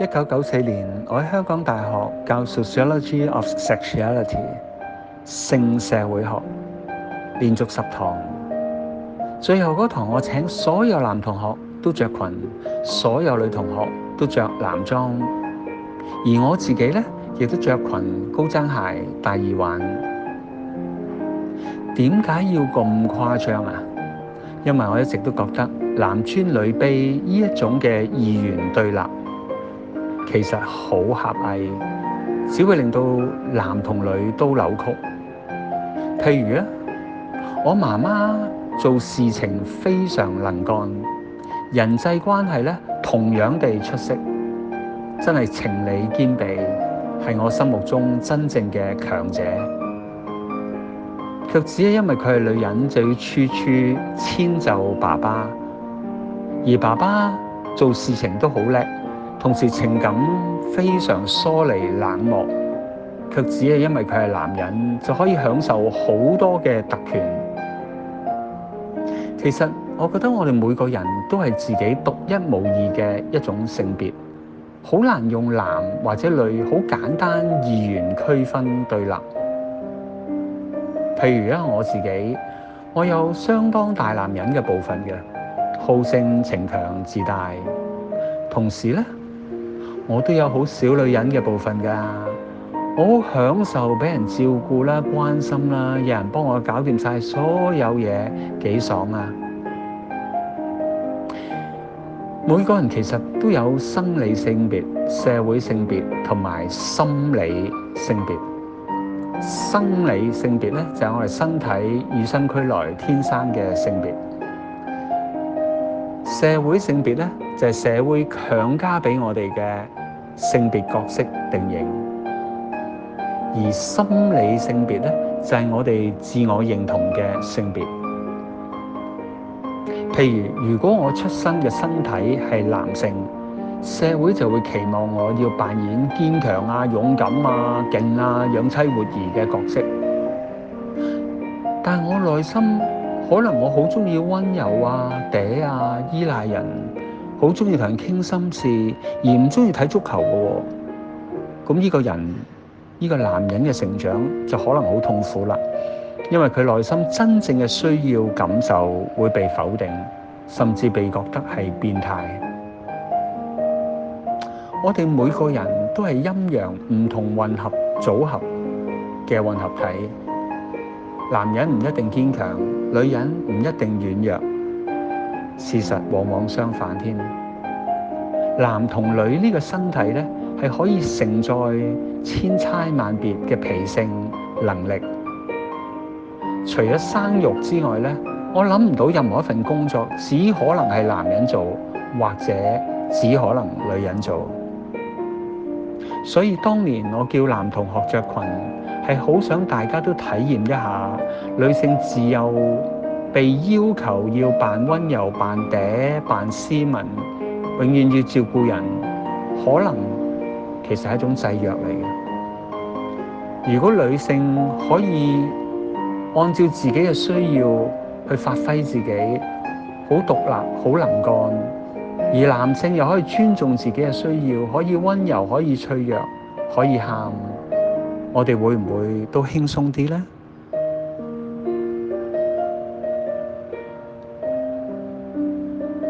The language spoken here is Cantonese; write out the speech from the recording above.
一九九四年，我喺香港大學教《Sociology of Sexuality》性社會學，連續十堂。最後嗰堂，我請所有男同學都着裙，所有女同學都着男裝，而我自己呢，亦都着裙、高踭鞋、大耳環。點解要咁誇張啊？因為我一直都覺得男尊女卑呢一種嘅二元對立。其實好狹隘，只會令到男同女都扭曲。譬如啊，我媽媽做事情非常能幹，人際關係咧同樣地出色，真係情理兼備，係我心目中真正嘅強者。卻只係因為佢係女人，就要處處遷就爸爸，而爸爸做事情都好叻，同時情感非常疏離冷漠，卻只係因為佢係男人，就可以享受好多嘅特權。其實我覺得我哋每個人都係自己獨一無二嘅一種性別，好難用男或者女好簡單二元區分對立。譬如咧，我自己我有相當大男人嘅部分嘅，好勝逞強、自大，同時咧。我都有好小女人嘅部分㗎，我好享受俾人照顧啦、關心啦，有人幫我搞掂晒所有嘢，幾爽啊！每個人其實都有生理性別、社會性別同埋心理性別。生理性別咧就係我哋身體與生俱來天生嘅性別，社會性別咧就係社會強加俾我哋嘅。性別角色定型，而心理性別咧就係我哋自我認同嘅性別。譬如如果我出生嘅身體係男性，社會就會期望我要扮演堅強啊、勇敢啊、勁啊、養妻活兒嘅角色，但我內心可能我好中意温柔啊、嗲啊、依賴人。好中意同人傾心事，而唔中意睇足球嘅喎、哦。咁呢個人，呢、呢個男人嘅成長就可能好痛苦啦，因為佢內心真正嘅需要感受會被否定，甚至被覺得係變態。我哋每個人都係陰陽唔同混合組合嘅混合體。男人唔一定堅強，女人唔一定軟弱。事實往往相反添。男同女呢個身體呢，係可以承載千差萬別嘅脾性能力。除咗生育之外呢，我諗唔到任何一份工作，只可能係男人做，或者只可能女人做。所以當年我叫男同學着裙，係好想大家都體驗一下女性自由。被要求要扮温柔、扮嗲、扮斯文，永遠要照顧人，可能其實係一種制約嚟嘅。如果女性可以按照自己嘅需要去發揮自己，好獨立、好能幹；而男性又可以尊重自己嘅需要，可以温柔、可以脆弱、可以喊，我哋會唔會都輕鬆啲呢？